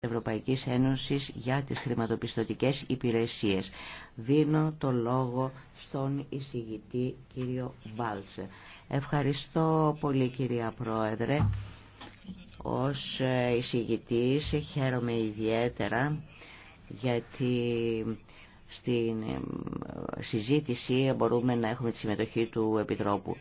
Ευρωπαϊκής Ένωσης για τις χρηματοπιστωτικές υπηρεσίες. Δίνω το λόγο στον εισηγητή κύριο Μπάλτσε. Ευχαριστώ πολύ κυρία Πρόεδρε. Ως εισηγητής χαίρομαι ιδιαίτερα γιατί στην ε, συζήτηση μπορούμε να έχουμε τη συμμετοχή του Επιτρόπου.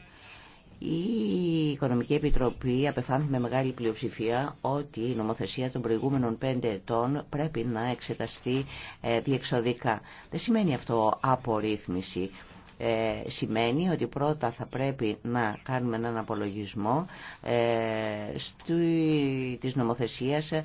Η Οικονομική Επιτροπή απεφάνθη με μεγάλη πλειοψηφία ότι η νομοθεσία των προηγούμενων πέντε ετών πρέπει να εξεταστεί ε, διεξοδικά. Δεν σημαίνει αυτό απορρίθμιση ε, σημαίνει ότι πρώτα θα πρέπει να κάνουμε έναν απολογισμό ε, στη, της νομοθεσίας ε,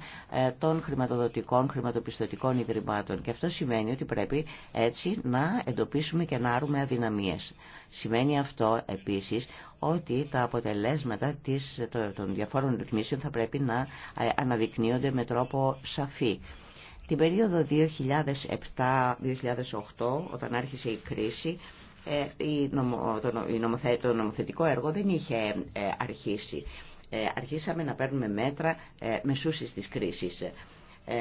των χρηματοδοτικών, χρηματοπιστωτικών ιδρυμάτων. Και αυτό σημαίνει ότι πρέπει έτσι να εντοπίσουμε και να άρουμε αδυναμίες. Σημαίνει αυτό επίσης ότι τα αποτελέσματα της, των διαφόρων ρυθμίσεων θα πρέπει να ε, αναδεικνύονται με τρόπο σαφή. Την περίοδο 2007-2008, όταν άρχισε η κρίση, ε, το νομοθετικό έργο δεν είχε ε, αρχίσει. Ε, αρχίσαμε να παίρνουμε μέτρα μεσούσης της κρίσης. Ε,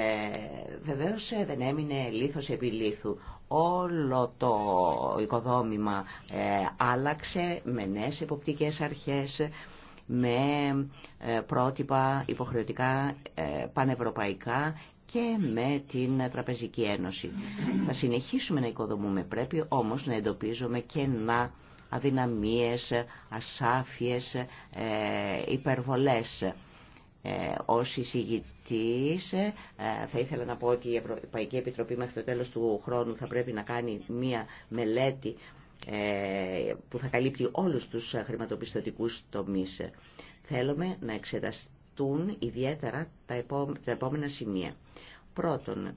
βεβαίως δεν έμεινε λίθος επί λίθου. Όλο το οικοδόμημα άλλαξε με νέες εποπτικές αρχές, με πρότυπα υποχρεωτικά πανευρωπαϊκά και με την Τραπεζική Ένωση. Θα συνεχίσουμε να οικοδομούμε, πρέπει όμως να εντοπίζουμε κενά, αδυναμίες, ασάφειες, ε, υπερβολές. Ε, ως ε, θα ήθελα να πω ότι η Ευρωπαϊκή Επιτροπή μέχρι το τέλος του χρόνου θα πρέπει να κάνει μία μελέτη ε, που θα καλύπτει όλους τους χρηματοπιστωτικούς τομείς. Θέλουμε να εξεταστεί ιδιαίτερα τα επόμενα σημεία. Πρώτον,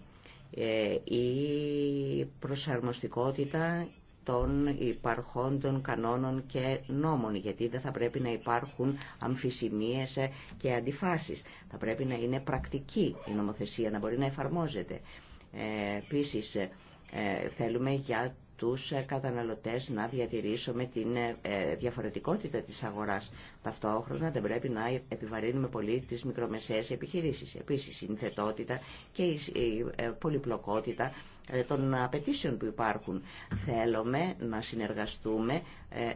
ε, η προσαρμοστικότητα των υπαρχόντων κανόνων και νόμων, γιατί δεν θα πρέπει να υπάρχουν αμφισημίες ε, και αντιφάσεις. Θα πρέπει να είναι πρακτική η νομοθεσία, να μπορεί να εφαρμόζεται. Ε, Επίση, ε, θέλουμε για τους ε, καταναλωτές να διατηρήσουμε την ε, ε, διαφορετικότητα της αγοράς. Ταυτόχρονα δεν πρέπει να επιβαρύνουμε πολύ τις μικρομεσαίες επιχειρήσεις. Επίσης, η συνθετότητα και η πολυπλοκότητα των απαιτήσεων που υπάρχουν. Θέλουμε να συνεργαστούμε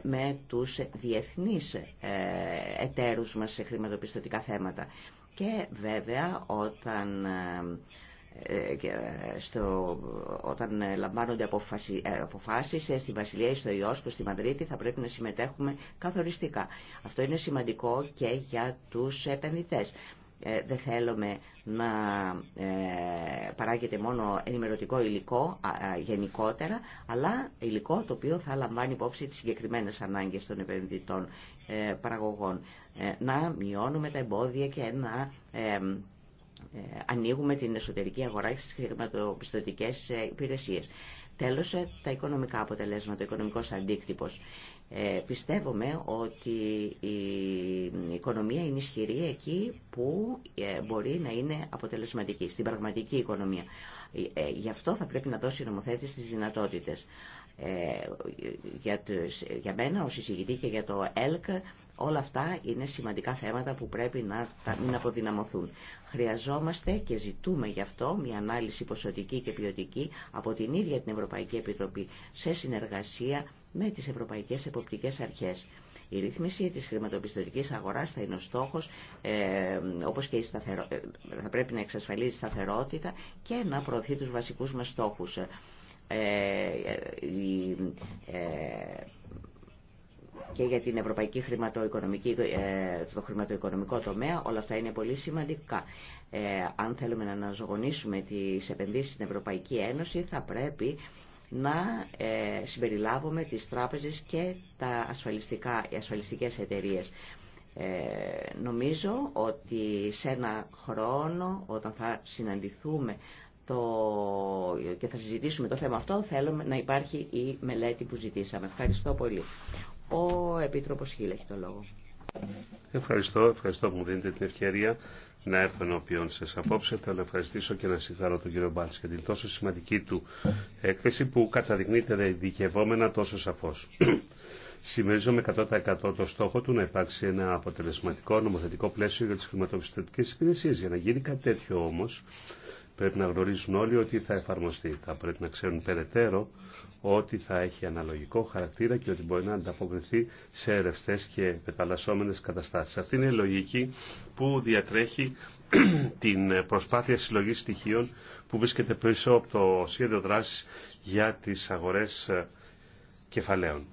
με τους διεθνείς εταίρους μας σε χρηματοπιστωτικά θέματα. Και βέβαια, όταν ε, στο, όταν ε, λαμβάνονται ε, αποφάσεις στη Βασιλεία ή στο Ιώσκο, στη Μαδρίτη θα πρέπει να συμμετέχουμε καθοριστικά. Αυτό είναι σημαντικό και για τους επενδυτές. Ε, δεν θέλουμε να ε, παράγεται μόνο ενημερωτικό υλικό γενικότερα, αλλά υλικό το οποίο θα λαμβάνει υπόψη τις συγκεκριμένες ανάγκες των επενδυτών ε, παραγωγών. να μειώνουμε τα εμπόδια και να ε, ανοίγουμε την εσωτερική αγορά στις χρηματοπιστωτικές ε, υπηρεσίες. Τέλος, ε, τα οικονομικά αποτελέσματα, ο οικονομικός αντίκτυπος. Ε, πιστεύουμε ότι η οικονομία είναι ισχυρή εκεί που μπορεί να είναι αποτελεσματική, στην πραγματική οικονομία. γι' αυτό θα πρέπει να δώσει η νομοθέτης τις δυνατότητες. για, για μένα, ως εισηγητή και για το ΕΛΚ, Όλα αυτά είναι σημαντικά θέματα που πρέπει να μην αποδυναμωθούν. Χρειαζόμαστε και ζητούμε γι' αυτό μια ανάλυση ποσοτική και ποιοτική από την ίδια την Ευρωπαϊκή Επιτροπή σε συνεργασία με τις Ευρωπαϊκές Εποπτικές Αρχές. Η ρύθμιση της χρηματοπιστωτικής αγοράς θα είναι ο στόχος, ε, όπως και η ε, θα πρέπει να εξασφαλίζει σταθερότητα και να προωθεί τους βασικούς μας στόχους. Ε, ε, ε και για την ευρωπαϊκή χρηματοοικονομική, ε, το χρηματοοικονομικό τομέα, όλα αυτά είναι πολύ σημαντικά. Ε, αν θέλουμε να αναζωογονήσουμε τις επενδύσεις στην Ευρωπαϊκή Ένωση, θα πρέπει να ε, συμπεριλάβουμε τις τράπεζες και τα ασφαλιστικά, οι ασφαλιστικές εταιρείες. Ε, νομίζω ότι σε ένα χρόνο, όταν θα συναντηθούμε το... και θα συζητήσουμε το θέμα αυτό, θέλουμε να υπάρχει η μελέτη που ζητήσαμε. Ευχαριστώ πολύ. Ο Επίτροπος Χίλ έχει το λόγο. Ευχαριστώ, ευχαριστώ που μου δίνετε την ευκαιρία να έρθω ενώπιον σα απόψε. Θέλω να ευχαριστήσω και να συγχαρώ τον κύριο Μπάλτ για την τόσο σημαντική του έκθεση που καταδεικνύεται δικαιωμένα τόσο σαφώ. Σημερίζομαι 100% το στόχο του να υπάρξει ένα αποτελεσματικό νομοθετικό πλαίσιο για τι χρηματοπιστωτικέ υπηρεσίε. Για να γίνει κάτι τέτοιο όμω, Πρέπει να γνωρίζουν όλοι ότι θα εφαρμοστεί. Θα πρέπει να ξέρουν περαιτέρω ότι θα έχει αναλογικό χαρακτήρα και ότι μπορεί να ανταποκριθεί σε ερευστέ και πεταλασσόμενε καταστάσει. Αυτή είναι η λογική που διατρέχει την προσπάθεια συλλογή στοιχείων που βρίσκεται πίσω από το σχέδιο δράση για τι αγορέ κεφαλαίων.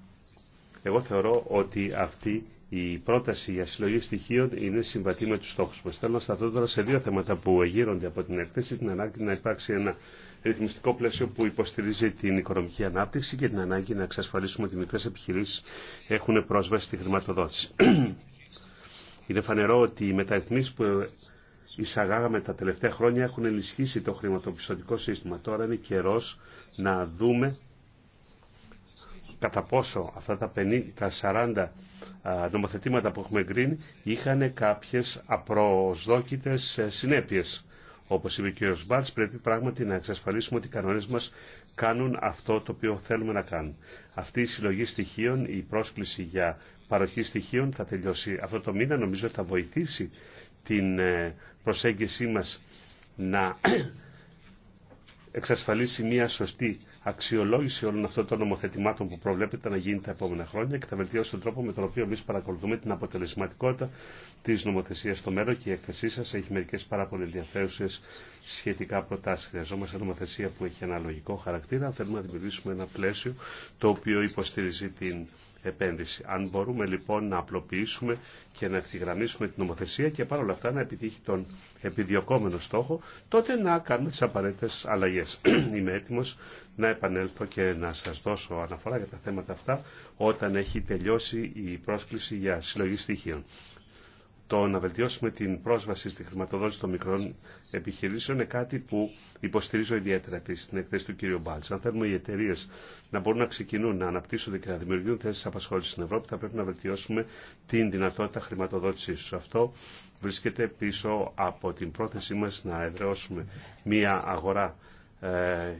Εγώ θεωρώ ότι αυτή η πρόταση για συλλογή στοιχείων είναι συμβατή με του στόχου. μας. Θέλω να σταθώ τώρα σε δύο θέματα που γύρονται από την έκθεση, την ανάγκη να υπάρξει ένα ρυθμιστικό πλαίσιο που υποστηρίζει την οικονομική ανάπτυξη και την ανάγκη να εξασφαλίσουμε ότι οι μικρές επιχειρήσεις έχουν πρόσβαση στη χρηματοδότηση. είναι φανερό ότι οι μεταρρυθμίσει που εισαγάγαμε τα τελευταία χρόνια έχουν ενισχύσει το χρηματοπιστωτικό σύστημα. Τώρα είναι καιρό να δούμε κατά πόσο αυτά τα, 40 νομοθετήματα που έχουμε εγκρίνει είχαν κάποιες απροσδόκητες ε, συνέπειες. Όπως είπε ο κ. Μπάρτς, πρέπει πράγματι να εξασφαλίσουμε ότι οι κανόνες μας κάνουν αυτό το οποίο θέλουμε να κάνουν. Αυτή η συλλογή στοιχείων, η πρόσκληση για παροχή στοιχείων θα τελειώσει αυτό το μήνα. Νομίζω ότι θα βοηθήσει την ε, προσέγγιση μας να εξασφαλίσει μια σωστή αξιολόγηση όλων αυτών των νομοθετημάτων που προβλέπεται να γίνει τα επόμενα χρόνια και θα βελτιώσει τον τρόπο με τον οποίο εμεί παρακολουθούμε την αποτελεσματικότητα τη νομοθεσία στο μέλλον και η έκθεσή σα έχει μερικέ πάρα πολύ ενδιαφέρουσε σχετικά προτάσει. Χρειαζόμαστε νομοθεσία που έχει αναλογικό χαρακτήρα. Θέλουμε να δημιουργήσουμε ένα πλαίσιο το οποίο υποστηρίζει την επένδυση. Αν μπορούμε λοιπόν να απλοποιήσουμε και να ευθυγραμμίσουμε την νομοθεσία και παρόλα αυτά να επιτύχει τον επιδιωκόμενο στόχο, τότε να κάνουμε τις απαραίτητες αλλαγές. Είμαι έτοιμος να επανέλθω και να σας δώσω αναφορά για τα θέματα αυτά όταν έχει τελειώσει η πρόσκληση για συλλογή στοιχείων το να βελτιώσουμε την πρόσβαση στη χρηματοδότηση των μικρών επιχειρήσεων είναι κάτι που υποστηρίζω ιδιαίτερα επίση στην εκθέση του κ. Μπάλτ. Αν θέλουμε οι εταιρείε να μπορούν να ξεκινούν, να αναπτύσσονται και να δημιουργούν θέσει απασχόληση στην Ευρώπη, θα πρέπει να βελτιώσουμε την δυνατότητα χρηματοδότησή του. Αυτό βρίσκεται πίσω από την πρόθεσή μα να εδραιώσουμε μια αγορά ε,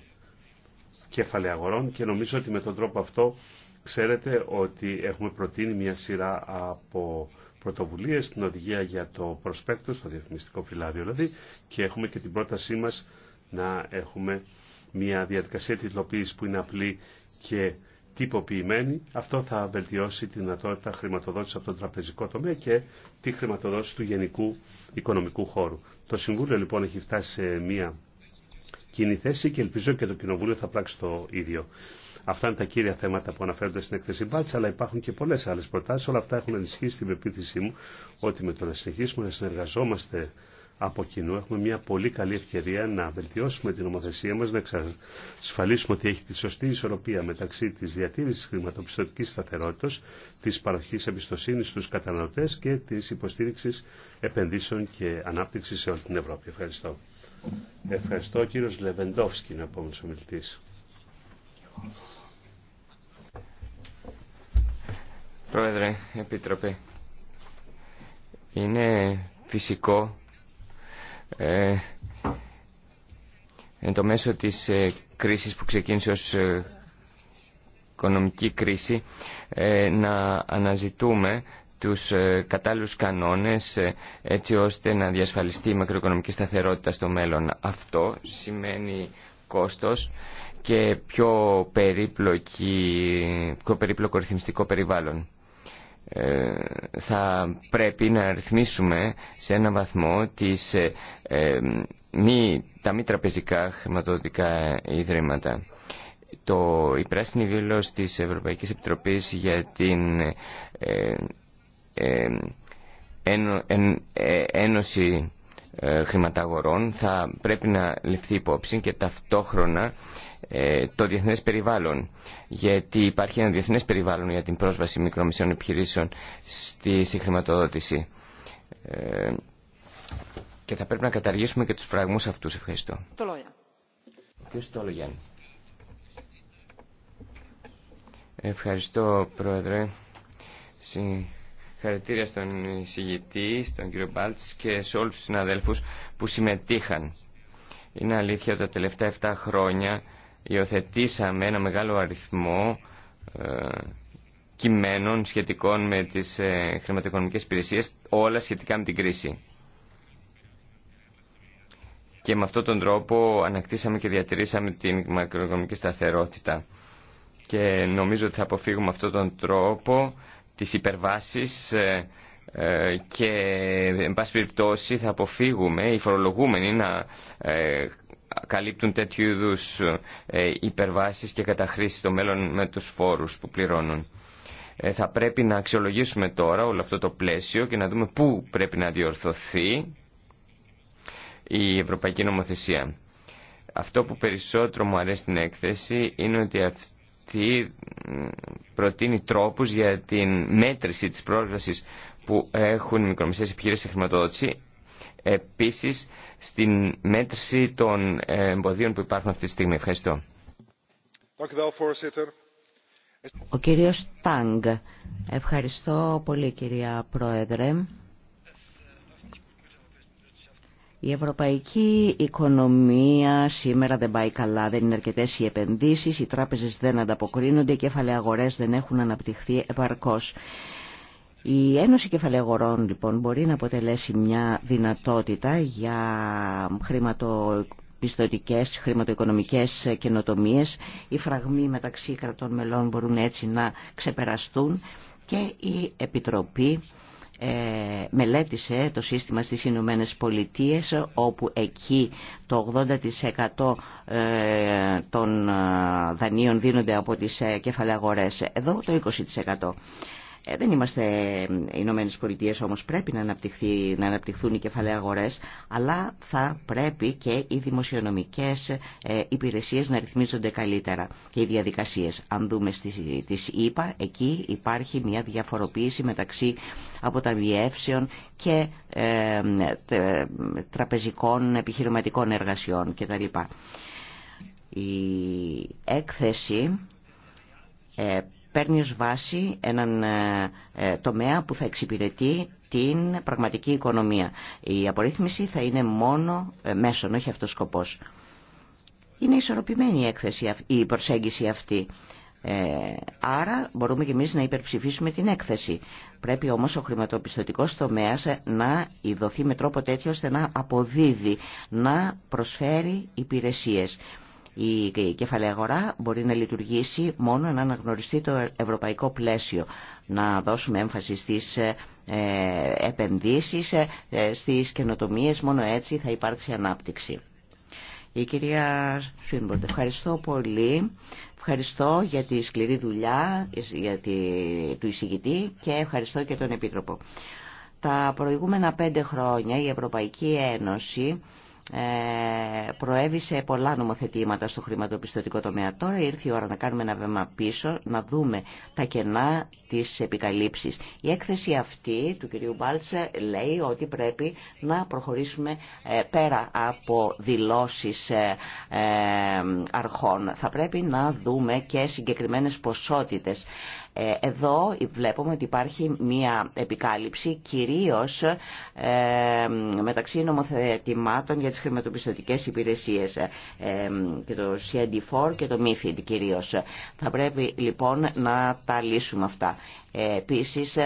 αγορών και νομίζω ότι με τον τρόπο αυτό ξέρετε ότι έχουμε προτείνει μια σειρά από την οδηγία για το προσπέκτο, στο διαφημιστικό φυλάδιο δηλαδή, και έχουμε και την πρότασή μα να έχουμε μια διαδικασία τυπλοποίηση που είναι απλή και τυποποιημένη. Αυτό θα βελτιώσει τη δυνατότητα χρηματοδότηση από τον τραπεζικό τομέα και τη χρηματοδότηση του γενικού οικονομικού χώρου. Το Συμβούλιο λοιπόν έχει φτάσει σε μια κοινή θέση και ελπίζω και το Κοινοβούλιο θα πράξει το ίδιο. Αυτά είναι τα κύρια θέματα που αναφέρονται στην έκθεση Μπάλτσα, αλλά υπάρχουν και πολλέ άλλε προτάσει. Όλα αυτά έχουν ενισχύσει την πεποίθησή μου ότι με το να συνεχίσουμε να συνεργαζόμαστε από κοινού έχουμε μια πολύ καλή ευκαιρία να βελτιώσουμε την νομοθεσία μας, να εξασφαλίσουμε ότι έχει τη σωστή ισορροπία μεταξύ της διατήρησης χρηματοπιστωτικής σταθερότητας, της παροχής εμπιστοσύνης στους καταναλωτές και της υποστήριξης επενδύσεων και ανάπτυξης σε όλη την Ευρώπη. Ευχαριστώ. Ευχαριστώ κύριος Λεβεντόφσκι, να ο Πρόεδρε, Επίτροπε, είναι φυσικό ε, εν το μέσο της ε, κρίσης που ξεκίνησε ως ε, οικονομική κρίση ε, να αναζητούμε τους κατάλληλους κανόνες έτσι ώστε να διασφαλιστεί η μακροοικονομική σταθερότητα στο μέλλον. Αυτό σημαίνει κόστος και πιο περίπλοκο ρυθμιστικό περιβάλλον. Ε, θα πρέπει να ρυθμίσουμε σε ένα βαθμό τις, ε, ε, μη, τα μη τραπεζικά χρηματοδοτικά ιδρύματα. Το, η πράσινη βήλος της Ευρωπαϊκής Επιτροπής για την Ένωση Χρηματαγορών θα πρέπει να ληφθεί υπόψη και ταυτόχρονα ε, το διεθνές περιβάλλον. Γιατί υπάρχει ένα διεθνές περιβάλλον για την πρόσβαση μικρομεσαίων επιχειρήσεων στη συγχρηματοδότηση. Ε, και θα πρέπει να καταργήσουμε και τους φραγμούς αυτούς. Ευχαριστώ. Ευχαριστώ, Πρόεδρε. Συγχαρητήρια στον εισηγητή, στον κύριο Μπάλτς και σε όλους τους συναδέλφους που συμμετείχαν. Είναι αλήθεια ότι τα τελευταία 7 χρόνια υιοθετήσαμε ένα μεγάλο αριθμό ε, κειμένων σχετικών με τις ε, χρηματοοικονομικές υπηρεσίες, όλα σχετικά με την κρίση. Και με αυτόν τον τρόπο ανακτήσαμε και διατηρήσαμε την μακροοικονομική σταθερότητα. Και νομίζω ότι θα αποφύγουμε αυτόν τον τρόπο τις υπερβάσεις ε, και, εν πάση περιπτώσει, θα αποφύγουμε οι φορολογούμενοι να καλύπτουν τέτοιου είδου ε, υπερβάσεις και καταχρήσεις στο μέλλον με τους φόρους που πληρώνουν. Ε, θα πρέπει να αξιολογήσουμε τώρα όλο αυτό το πλαίσιο και να δούμε πού πρέπει να διορθωθεί η Ευρωπαϊκή Νομοθεσία. Αυτό που περισσότερο μου αρέσει στην έκθεση είναι ότι αυτή προτείνει τρόπους για την μέτρηση της πρόσβασης που έχουν οι μικρομεσαίες επιχειρήσεις σε χρηματοδότηση επίσης στην μέτρηση των ε, εμποδίων που υπάρχουν αυτή τη στιγμή. Ευχαριστώ. Ο κύριος Τάγκ. Ευχαριστώ πολύ κυρία Πρόεδρε. Η ευρωπαϊκή οικονομία σήμερα δεν πάει καλά, δεν είναι αρκετέ οι επενδύσει, οι τράπεζε δεν ανταποκρίνονται, οι κεφαλαίοι αγορέ δεν έχουν αναπτυχθεί επαρκώ. Η Ένωση Κεφαλαίου λοιπόν μπορεί να αποτελέσει μια δυνατότητα για χρηματοπιστωτικές, χρηματοοικονομικές καινοτομίες. Οι φραγμοί μεταξύ κρατών μελών μπορούν έτσι να ξεπεραστούν και η Επιτροπή ε, μελέτησε το σύστημα στις Ηνωμένε Πολιτείες όπου εκεί το 80% ε, των ε, δανείων δίνονται από τις κεφαλαγορές. Εδώ το 20%. Ε, δεν είμαστε Ηνωμένε Πολιτείε, όμως πρέπει να, να αναπτυχθούν οι κεφαλαίοι αγορές, αλλά θα πρέπει και οι δημοσιονομικές ε, υπηρεσίες να ρυθμίζονται καλύτερα και οι διαδικασίες. Αν δούμε στις, τις ΗΠΑ, εκεί υπάρχει μια διαφοροποίηση μεταξύ αποταμιεύσεων και ε, τραπεζικών επιχειρηματικών εργασιών κτλ. Η έκθεση ε, παίρνει ως βάση έναν ε, ε, τομέα που θα εξυπηρετεί την πραγματική οικονομία. Η απορρίθμιση θα είναι μόνο ε, μέσον, όχι αυτός σκοπός. Είναι ισορροπημένη η, έκθεση, η προσέγγιση αυτή. άρα μπορούμε και εμείς να υπερψηφίσουμε την έκθεση. Πρέπει όμως ο χρηματοπιστωτικός τομέας να ειδωθεί με τρόπο τέτοιο ώστε να αποδίδει, να προσφέρει υπηρεσίες. Η κεφαλαία αγορά μπορεί να λειτουργήσει μόνο αν αναγνωριστεί το ευρωπαϊκό πλαίσιο. Να δώσουμε έμφαση στις ε, επενδύσεις, ε, στις καινοτομίες, μόνο έτσι θα υπάρξει ανάπτυξη. Η κυρία Σουίνμπορντ, ευχαριστώ πολύ. Ευχαριστώ για τη σκληρή δουλειά για του εισηγητή και ευχαριστώ και τον Επίτροπο. Τα προηγούμενα πέντε χρόνια η Ευρωπαϊκή Ένωση ε, προέβησε σε πολλά νομοθετήματα στο χρηματοπιστωτικό τομέα. Τώρα ήρθε η ώρα να κάνουμε ένα βήμα πίσω, να δούμε τα κενά της επικαλύψης. Η έκθεση αυτή του κυρίου Μπάλτσε λέει ότι πρέπει να προχωρήσουμε ε, πέρα από δηλώσεις ε, αρχών. Θα πρέπει να δούμε και συγκεκριμένες ποσότητες. Ε, εδώ βλέπουμε ότι υπάρχει μία επικάλυψη κυρίως ε, μεταξύ νομοθετημάτων για τις χρηματοπιστωτικές υπηρεσίες ε, και το CND4 και το MIFID κυρίως. Θα πρέπει λοιπόν να τα λύσουμε αυτά. Επίσης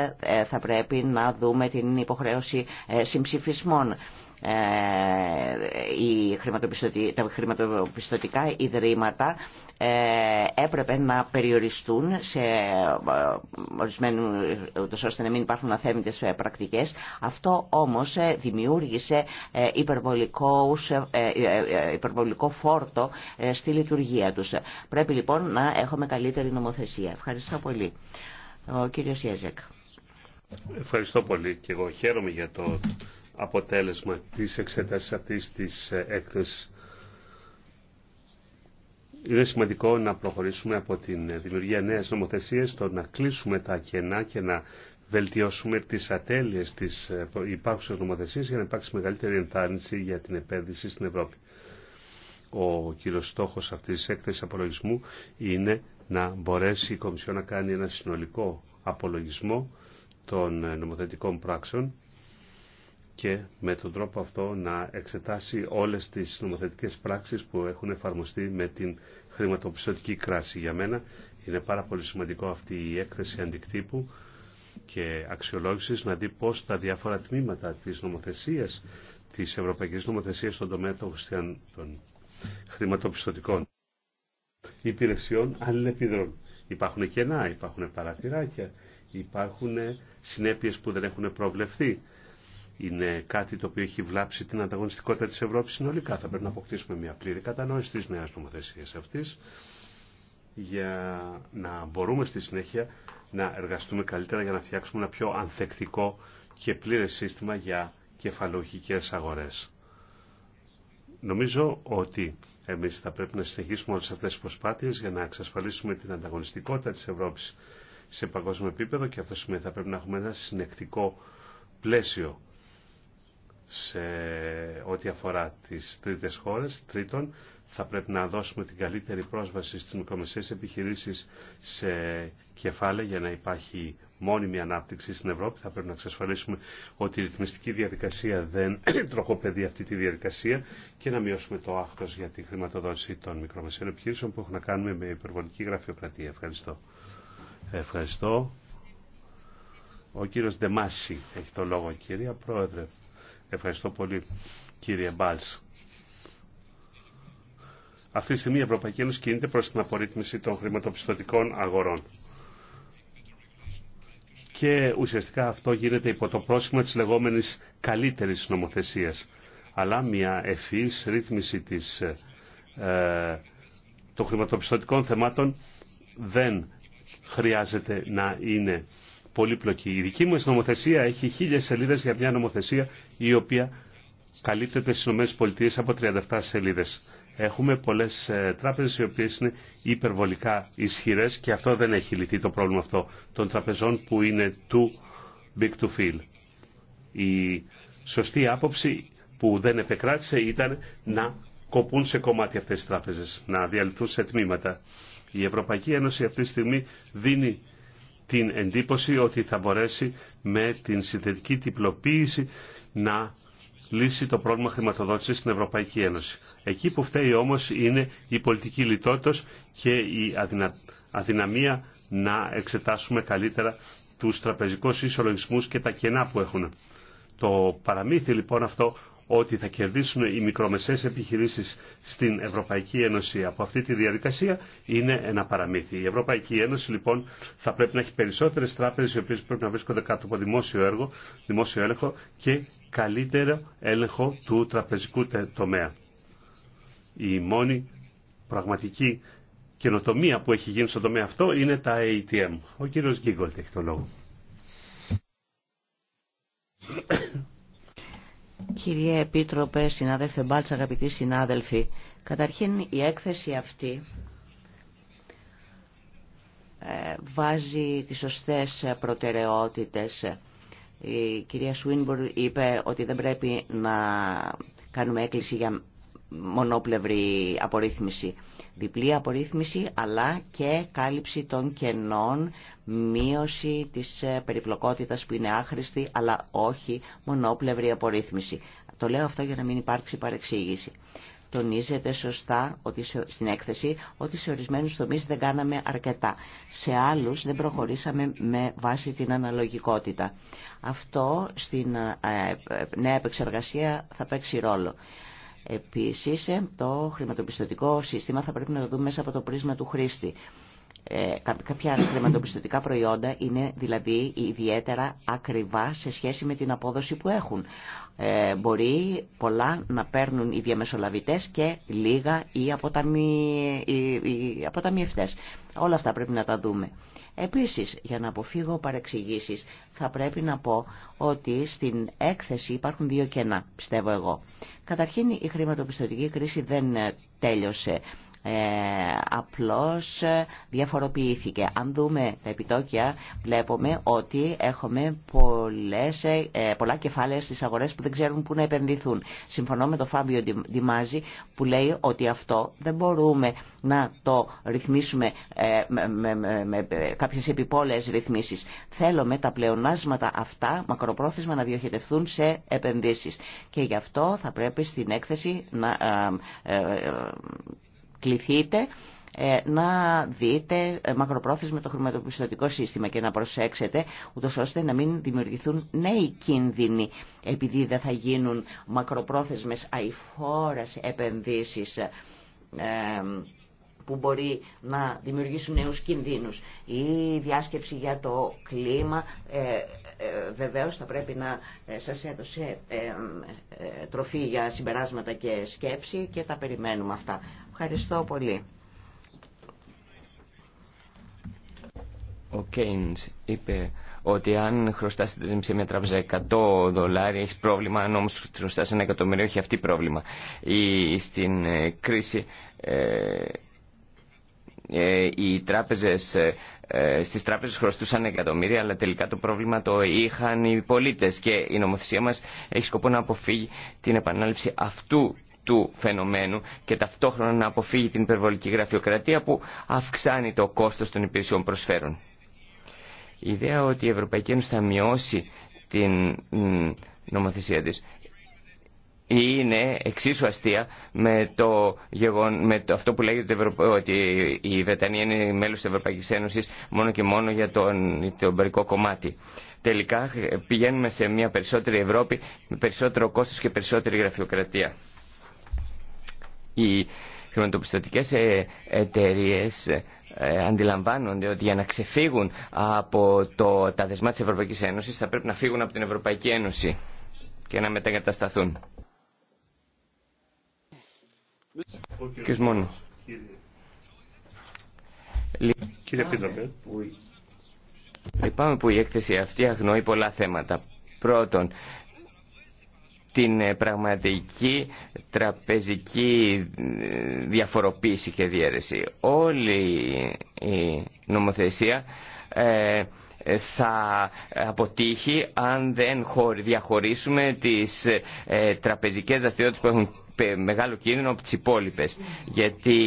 θα πρέπει να δούμε την υποχρέωση συμψηφισμών. Ε, τα χρηματοπιστωτικά ιδρύματα ε, έπρεπε να περιοριστούν σε ε, ορισμένου, ώστε να μην υπάρχουν αθέμητες ε, πρακτικές. Αυτό όμως δημιούργησε υπερβολικό, υπερβολικό φόρτο στη λειτουργία τους. Πρέπει λοιπόν να έχουμε καλύτερη νομοθεσία. Ευχαριστώ πολύ. Ο κύριος Ιέζεκ. Ευχαριστώ πολύ και εγώ χαίρομαι για το αποτέλεσμα της εξέτασης αυτής της έκθεσης είναι σημαντικό να προχωρήσουμε από την δημιουργία νέας νομοθεσίας στο να κλείσουμε τα κενά και να βελτιώσουμε τις ατέλειες της ε, υπάρχουσας νομοθεσίας για να υπάρξει μεγαλύτερη ενθάρρυνση για την επένδυση στην Ευρώπη. Ο κύριος στόχος αυτής της έκθεσης απολογισμού είναι να μπορέσει η Κομισιό να κάνει ένα συνολικό απολογισμό των ε, νομοθετικών πράξεων και με τον τρόπο αυτό να εξετάσει όλες τις νομοθετικές πράξεις που έχουν εφαρμοστεί με την χρηματοπιστωτική κράση. Για μένα είναι πάρα πολύ σημαντικό αυτή η έκθεση αντικτύπου και αξιολόγησης να δει πώς τα διάφορα τμήματα της νομοθεσίας, της ευρωπαϊκής νομοθεσίας στον τομέα των χρηματοπιστωτικών υπηρεσιών αλληλεπιδρών. Υπάρχουν κενά, υπάρχουν παραθυράκια, υπάρχουν συνέπειες που δεν έχουν προβλεφθεί είναι κάτι το οποίο έχει βλάψει την ανταγωνιστικότητα της Ευρώπης συνολικά. Θα πρέπει να αποκτήσουμε μια πλήρη κατανόηση της νέας νομοθεσίας αυτής για να μπορούμε στη συνέχεια να εργαστούμε καλύτερα για να φτιάξουμε ένα πιο ανθεκτικό και πλήρε σύστημα για κεφαλογικές αγορές. Νομίζω ότι εμείς θα πρέπει να συνεχίσουμε όλες αυτές τις προσπάθειες για να εξασφαλίσουμε την ανταγωνιστικότητα της Ευρώπης σε παγκόσμιο επίπεδο και αυτό σημαίνει θα πρέπει να έχουμε ένα συνεκτικό πλαίσιο σε ό,τι αφορά τις τρίτες χώρες. Τρίτον, θα πρέπει να δώσουμε την καλύτερη πρόσβαση στις μικρομεσαίες επιχειρήσεις σε κεφάλαια για να υπάρχει μόνιμη ανάπτυξη στην Ευρώπη. Θα πρέπει να εξασφαλίσουμε ότι η ρυθμιστική διαδικασία δεν τροχοπεδεί αυτή τη διαδικασία και να μειώσουμε το άχθος για τη χρηματοδότηση των μικρομεσαίων επιχειρήσεων που έχουν να κάνουμε με υπερβολική γραφειοκρατία. Ευχαριστώ. Ευχαριστώ. Ο κύριος Ντεμάση έχει το λόγο, κυρία Πρόεδρε. Ευχαριστώ πολύ κύριε Μπάλς. Αυτή τη στιγμή η Ευρωπαϊκή Ένωση κινείται προς την απορρίθμιση των χρηματοπιστωτικών αγορών. Και ουσιαστικά αυτό γίνεται υπό το πρόσχημα της λεγόμενης καλύτερης νομοθεσίας. Αλλά μια ευφύης ρύθμιση της, ε, των χρηματοπιστωτικών θεμάτων δεν χρειάζεται να είναι πολύπλοκη. Η δική μου νομοθεσία έχει χίλιε σελίδε για μια νομοθεσία η οποία καλύπτεται στι ΗΠΑ από 37 σελίδε. Έχουμε πολλές ε, τράπεζε οι οποίε είναι υπερβολικά ισχυρέ και αυτό δεν έχει λυθεί το πρόβλημα αυτό των τραπεζών που είναι too big to fail. Η σωστή άποψη που δεν επεκράτησε ήταν να κοπούν σε κομμάτια αυτές τις τράπεζες, να διαλυθούν σε τμήματα. Η Ευρωπαϊκή Ένωση αυτή τη στιγμή δίνει την εντύπωση ότι θα μπορέσει με την συνθετική τυπλοποίηση να λύσει το πρόβλημα χρηματοδότησης στην Ευρωπαϊκή Ένωση. Εκεί που φταίει όμως είναι η πολιτική λιτότητα και η αδυναμία να εξετάσουμε καλύτερα τους τραπεζικούς ισολογισμούς και τα κενά που έχουν. Το παραμύθι λοιπόν αυτό ότι θα κερδίσουν οι μικρομεσαίες επιχειρήσεις στην Ευρωπαϊκή Ένωση από αυτή τη διαδικασία είναι ένα παραμύθι. Η Ευρωπαϊκή Ένωση λοιπόν θα πρέπει να έχει περισσότερες τράπεζες οι οποίες πρέπει να βρίσκονται κάτω από δημόσιο, έργο, δημόσιο έλεγχο και καλύτερο έλεγχο του τραπεζικού τομέα. Η μόνη πραγματική καινοτομία που έχει γίνει στον τομέα αυτό είναι τα ATM. Ο κύριος Γκίγκολτ έχει το λόγο. Κύριε Επίτροπε, συνάδελφε Μπάλτς, αγαπητοί συνάδελφοι, καταρχήν η έκθεση αυτή ε, βάζει τις σωστές προτεραιότητες. Η κυρία Σουίνμπουρ είπε ότι δεν πρέπει να κάνουμε έκκληση για μονοπλευρή απορρίθμιση. Διπλή απορρίθμιση αλλά και κάλυψη των κενών, μείωση της ε, περιπλοκότητας που είναι άχρηστη αλλά όχι μονοπλευρή απορρίθμιση. Το λέω αυτό για να μην υπάρξει παρεξήγηση. Τονίζεται σωστά ότι στην έκθεση ότι σε ορισμένους τομείς δεν κάναμε αρκετά. Σε άλλους δεν προχωρήσαμε με βάση την αναλογικότητα. Αυτό στην ε, ε, νέα επεξεργασία θα παίξει ρόλο. Επίσης, ε, το χρηματοπιστωτικό σύστημα θα πρέπει να το δούμε μέσα από το πρίσμα του χρήστη. Ε, κάποια χρηματοπιστωτικά προϊόντα είναι δηλαδή ιδιαίτερα ακριβά σε σχέση με την απόδοση που έχουν. Ε, μπορεί πολλά να παίρνουν οι διαμεσολαβητές και λίγα οι, οι αποταμιευτές. Όλα αυτά πρέπει να τα δούμε. Επίσης, για να αποφύγω παρεξηγήσεις, θα πρέπει να πω ότι στην έκθεση υπάρχουν δύο κενά, πιστεύω εγώ. Καταρχήν, η χρηματοπιστωτική κρίση δεν ε, τέλειωσε ε, απλώς ε, διαφοροποιήθηκε. Αν δούμε τα επιτόκια βλέπουμε ότι έχουμε πολλές, ε, ε, πολλά κεφάλαια στις αγορές που δεν ξέρουν πού να επενδυθούν. Συμφωνώ με τον Φάμπιο Ντιμάζη που λέει ότι αυτό δεν μπορούμε να το ρυθμίσουμε με, με, με, με κάποιες επιπόλαιες ρυθμίσεις. Θέλουμε τα πλεονάσματα αυτά μακροπρόθεσμα να διοχετευθούν σε επενδύσεις. Και γι' αυτό θα πρέπει στην έκθεση να κληθείτε ε, να δείτε ε, μακροπρόθεσμα το χρηματοπιστωτικό σύστημα και να προσέξετε ούτως ώστε να μην δημιουργηθούν νέοι κίνδυνοι επειδή δεν θα γίνουν μακροπρόθεσμες αηφόρας επενδύσεις ε, που μπορεί να δημιουργήσουν νέους κινδύνους. Η διάσκεψη για το κλίμα ε, βεβαίως θα πρέπει να σας έδωσε τροφή για συμπεράσματα και σκέψη και τα περιμένουμε αυτά. Ευχαριστώ πολύ. Ο Κέινς είπε ότι αν χρωστάς σε μια τράπεζα 100 δολάρια έχει πρόβλημα, αν όμω χρωστάς ένα εκατομμύριο έχει αυτή πρόβλημα. Ή στην ε, κρίση ε, ε, οι τράπεζες, ε, ε, στις τράπεζες χρωστούσαν εκατομμύρια αλλά τελικά το πρόβλημα το είχαν οι πολίτες και η νομοθεσία μας έχει σκοπό να αποφύγει την επανάληψη αυτού του φαινομένου και ταυτόχρονα να αποφύγει την υπερβολική γραφειοκρατία που αυξάνει το κόστος των υπηρεσιών προσφέρων. Η ιδέα ότι η Ευρωπαϊκή Ένωση θα μειώσει την νομοθεσία της είναι εξίσου αστεία με, το, με το, αυτό που λέγεται ότι η Βρετανία είναι μέλος της Ευρωπαϊκής Ένωσης μόνο και μόνο για το εμπορικό κομμάτι. Τελικά ε, πηγαίνουμε σε μια περισσότερη Ευρώπη με περισσότερο κόστος και περισσότερη γραφειοκρατία. Οι χρηματοπιστωτικές ε, εταιρείε ε, αντιλαμβάνονται ότι για να ξεφύγουν από το, τα δεσμά της Ευρωπαϊκής Ένωσης θα πρέπει να φύγουν από την Ευρωπαϊκή Ένωση και να μετακατασταθούν. Κύριε Μόνο. Κύριε Πίτροπε. Λυπάμαι που η έκθεση αυτή αγνοεί πολλά θέματα. Πρώτον, την ε, πραγματική τραπεζική ε, διαφοροποίηση και διαίρεση. Όλη η νομοθεσία ε, θα αποτύχει αν δεν διαχωρίσουμε τις τραπεζικές δραστηριότητες που έχουν μεγάλο κίνδυνο από τις υπόλοιπες. Γιατί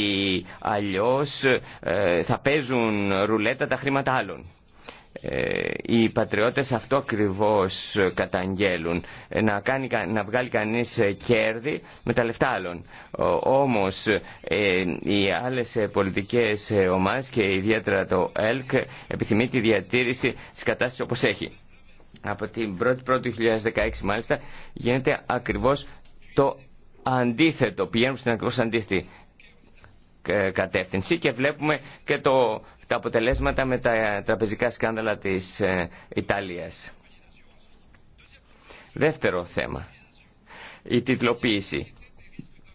αλλιώς θα παίζουν ρουλέτα τα χρήματα άλλων. Ε, οι πατριώτες αυτό ακριβώ καταγγέλουν ε, να, κάνει, να βγάλει κανείς ε, κέρδη με τα λεφτά άλλων όμως οι άλλες πολιτικές ομάδες και ιδιαίτερα το ΕΛΚ επιθυμεί τη διατήρηση της κατάστασης όπως έχει από την 1η του 2016 μάλιστα γίνεται ακριβώς το αντίθετο πηγαίνουμε στην ακριβώς αντίθετη κατεύθυνση και βλέπουμε και το τα αποτελέσματα με τα τραπεζικά σκάνδαλα της ε, Ιταλίας. Δεύτερο θέμα, η τιτλοποίηση.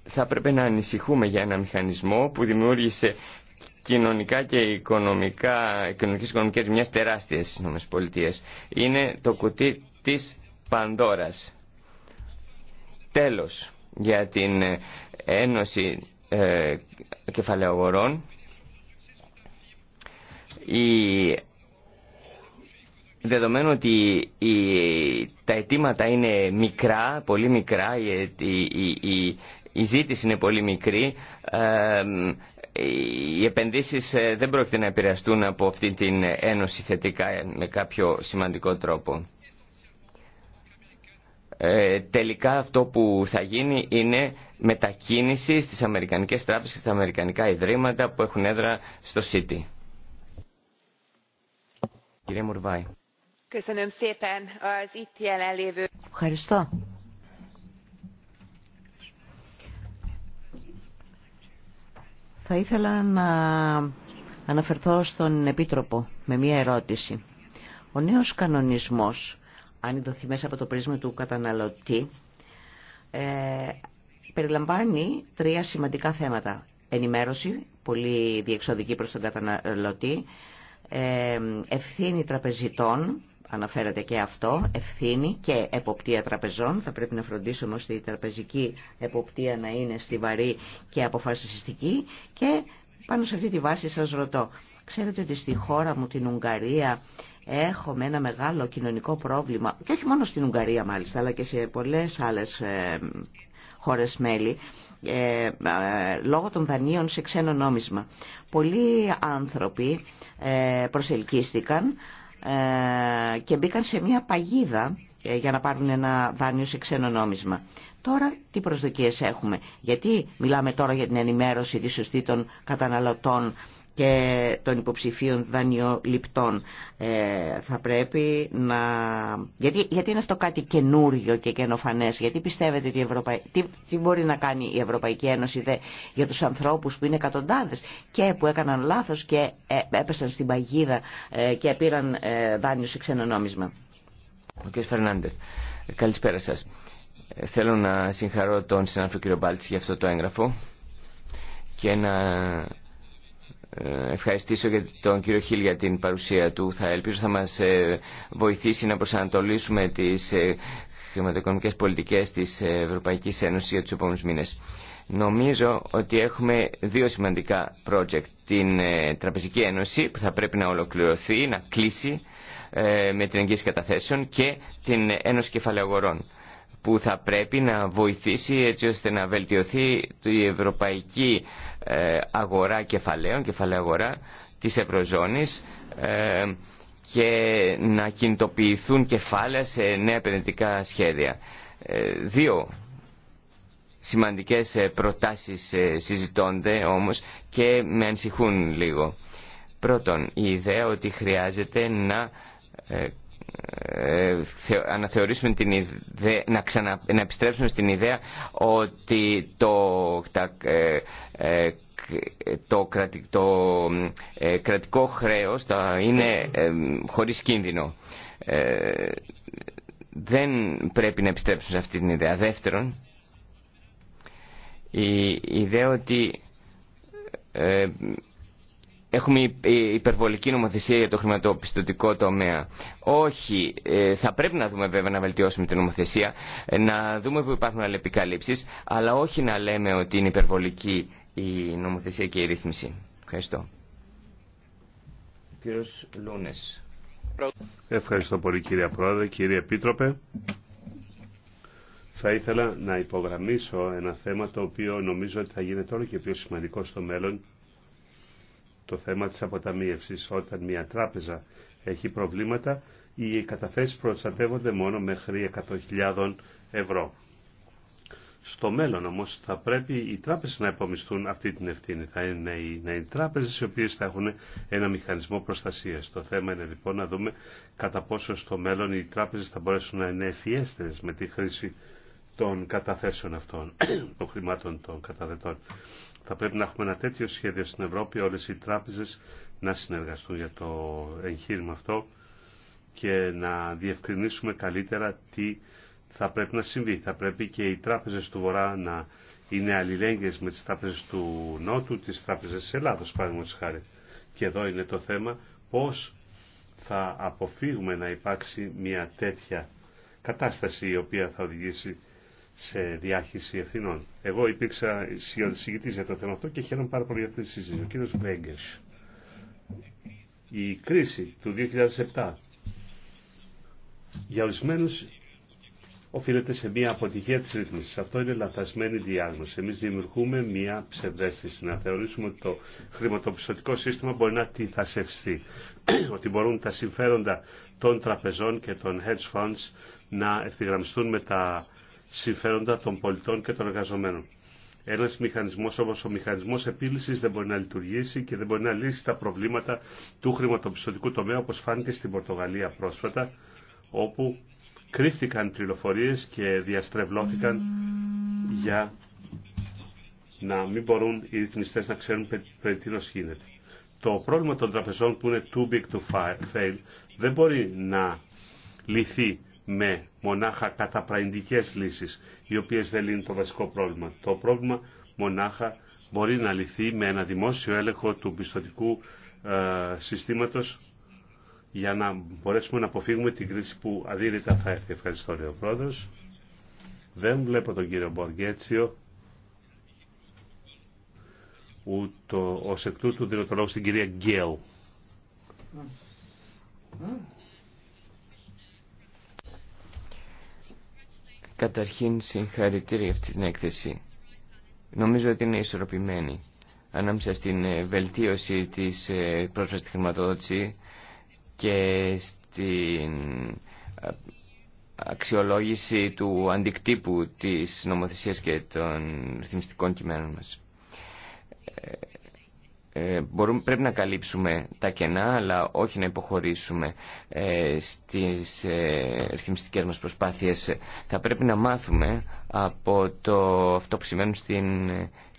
Θα πρέπει να ανησυχούμε για ένα μηχανισμό που δημιούργησε κοινωνικά και οικονομικά, κοινωνικές οικονομικές μιας τεράστιας Πολιτεία. Είναι το κουτί της Πανδώρας. Τέλος, για την ε, Ένωση ε, Κεφαλαιογορών η... Δεδομένου ότι τα αιτήματα είναι μικρά, πολύ μικρά, η, ζήτηση είναι πολύ μικρή, οι επενδύσεις ε, δεν πρόκειται να επηρεαστούν από αυτή την ένωση θετικά ε, με κάποιο σημαντικό τρόπο. Ε, τελικά αυτό που θα γίνει είναι μετακίνηση στις Αμερικανικές τράπεζες και στα Αμερικανικά ιδρύματα που έχουν έδρα στο City. Ευχαριστώ. Θα ήθελα να αναφερθώ στον Επίτροπο με μία ερώτηση. Ο νέος κανονισμός, αν δοθεί μέσα από το πρίσμα του καταναλωτή, ε, περιλαμβάνει τρία σημαντικά θέματα. Ενημέρωση, πολύ διεξοδική προς τον καταναλωτή, ε, ευθύνη τραπεζιτών, αναφέρατε και αυτό, ευθύνη και εποπτεία τραπεζών. Θα πρέπει να φροντίσουμε ώστε η τραπεζική εποπτεία να είναι στιβαρή και αποφασιστική. Και πάνω σε αυτή τη βάση σας ρωτώ, ξέρετε ότι στη χώρα μου, την Ουγγαρία, έχουμε ένα μεγάλο κοινωνικό πρόβλημα, και όχι μόνο στην Ουγγαρία μάλιστα, αλλά και σε πολλές άλλες ε, χώρες μέλη, ε, ε, λόγω των δανείων σε ξένο νόμισμα. Πολλοί άνθρωποι ε, προσελκύστηκαν και μπήκαν σε μια παγίδα για να πάρουν ένα δάνειο σε ξένο νόμισμα. Τώρα τι προσδοκίες έχουμε, γιατί μιλάμε τώρα για την ενημέρωση της σωστή των καταναλωτών και των υποψηφίων δανειοληπτών. Ε, θα πρέπει να... Γιατί, γιατί είναι αυτό κάτι καινούριο και καινοφανές, γιατί πιστεύετε ότι η Ευρωπα... τι, τι μπορεί να κάνει η Ευρωπαϊκή Ένωση για τους ανθρώπους που είναι εκατοντάδες και που έκαναν λάθος και ε, έπεσαν στην παγίδα ε, και πήραν ε, δάνειο σε ξενονόμισμα. Ο κ. καλησπέρα σας. Θέλω να συγχαρώ τον συνάδελφο κ. Μπάλτση για αυτό το έγγραφο και να ε, ευχαριστήσω και τον κύριο Χίλ για την παρουσία του. Θα ελπίζω θα μας ε, βοηθήσει να προσανατολίσουμε τις ε, χρηματοοικονομικές πολιτικές της Ευρωπαϊκής Ένωσης για τους επόμενους μήνες. Νομίζω ότι έχουμε δύο σημαντικά project. Την Τραπεζική Ένωση που θα πρέπει να ολοκληρωθεί, να κλείσει με την εγγύηση καταθέσεων και την Ένωση Κεφαλαίου που θα πρέπει να βοηθήσει έτσι ώστε να βελτιωθεί η ευρωπαϊκή ε, αγορά κεφαλαίων, κεφαλαία αγορά της Ευρωζώνης ε, και να κινητοποιηθούν κεφάλαια σε νέα επενδυτικά σχέδια. Ε, δύο σημαντικές προτάσεις συζητώνται όμως και με ανησυχούν λίγο. Πρώτον, η ιδέα ότι χρειάζεται να ε, ε, αναθεωρήσουμε την ιδέα, να, ξανα, να επιστρέψουμε στην ιδέα ότι το, ε, το, το κρατικό χρέος θα είναι χωρίς κίνδυνο. δεν πρέπει να επιστρέψουμε σε αυτή την ιδέα. Δεύτερον, η ιδέα ότι Έχουμε υπερβολική νομοθεσία για το χρηματοπιστωτικό τομέα. Όχι, ε, θα πρέπει να δούμε βέβαια να βελτιώσουμε την νομοθεσία, ε, να δούμε που υπάρχουν αλληλεπικαλύψεις, αλλά όχι να λέμε ότι είναι υπερβολική η νομοθεσία και η ρύθμιση. Ευχαριστώ. Κύριος Λούνες. Ευχαριστώ πολύ κύριε Πρόεδρε, κύριε Επίτροπε. Θα ήθελα να υπογραμμίσω ένα θέμα το οποίο νομίζω ότι θα γίνεται όλο και πιο σημαντικό στο μέλλον το θέμα της αποταμίευσης. Όταν μια τράπεζα έχει προβλήματα, οι καταθέσεις προστατεύονται μόνο μέχρι 100.000 ευρώ. Στο μέλλον όμως θα πρέπει οι τράπεζες να επομιστούν αυτή την ευθύνη. Θα είναι οι, να είναι οι τράπεζες οι οποίες θα έχουν ένα μηχανισμό προστασίας. Το θέμα είναι λοιπόν να δούμε κατά πόσο στο μέλλον οι τράπεζες θα μπορέσουν να είναι ευφιέστερες με τη χρήση των καταθέσεων αυτών, των χρημάτων των καταθετών. Θα πρέπει να έχουμε ένα τέτοιο σχέδιο στην Ευρώπη, όλες οι τράπεζες να συνεργαστούν για το εγχείρημα αυτό και να διευκρινίσουμε καλύτερα τι θα πρέπει να συμβεί. Θα πρέπει και οι τράπεζες του Βορρά να είναι αλληλέγγυες με τις τράπεζες του Νότου, τις τράπεζες της Ελλάδος, παραδείγματος χάρη. Και εδώ είναι το θέμα πώς θα αποφύγουμε να υπάρξει μια τέτοια κατάσταση η οποία θα οδηγήσει σε διάχυση ευθυνών. Εγώ υπήρξα συγγητής για το θέμα αυτό και χαίρομαι πάρα πολύ για αυτή τη συζήτηση. Ο κύριο Βέγγερς. Η κρίση του 2007 για ορισμένου, οφείλεται σε μια αποτυχία της ρύθμισης. Αυτό είναι λαθασμένη διάγνωση. Εμείς δημιουργούμε μια ψευδέστηση, να θεωρήσουμε ότι το χρηματοπιστωτικό σύστημα μπορεί να αντιθασευστεί. ότι μπορούν τα συμφέροντα των τραπεζών και των hedge funds να ευθυγραμμιστούν με τα συμφέροντα των πολιτών και των εργαζομένων. Ένας μηχανισμός όπως ο μηχανισμός επίλυσης δεν μπορεί να λειτουργήσει και δεν μπορεί να λύσει τα προβλήματα του χρηματοπιστωτικού τομέα όπως φάνηκε στην Πορτογαλία πρόσφατα όπου κρύφθηκαν πληροφορίες και διαστρεβλώθηκαν για να μην μπορούν οι ρυθμιστέ να ξέρουν περί τίνος γίνεται. Το πρόβλημα των τραπεζών που είναι too big to fail δεν μπορεί να λυθεί με μονάχα καταπραγητικές λύσεις, οι οποίες δεν λύνουν το βασικό πρόβλημα. Το πρόβλημα μονάχα μπορεί να λυθεί με ένα δημόσιο έλεγχο του πιστοτικού ε, συστήματος για να μπορέσουμε να αποφύγουμε την κρίση που αδύρυτα θα έρθει. Ευχαριστώ, ο Δεν βλέπω τον κύριο Μποργέτσιο. Ούτω, ως εκ τούτου δίνω το λόγο στην κυρία Γκέου. Mm. Mm. Καταρχήν συγχαρητήρια αυτή την έκθεση. Νομίζω ότι είναι ισορροπημένη ανάμεσα στην ε, βελτίωση της ε, πρόσφασης στη χρηματοδότηση και στην αξιολόγηση του αντικτύπου της νομοθεσίας και των ρυθμιστικών κειμένων μας. Ε, ε, μπορούμε, πρέπει να καλύψουμε τα κενά, αλλά όχι να υποχωρήσουμε ε, στις ε, ρυθμιστικές μας προσπάθειες. Θα πρέπει να μάθουμε από το αυτό που στην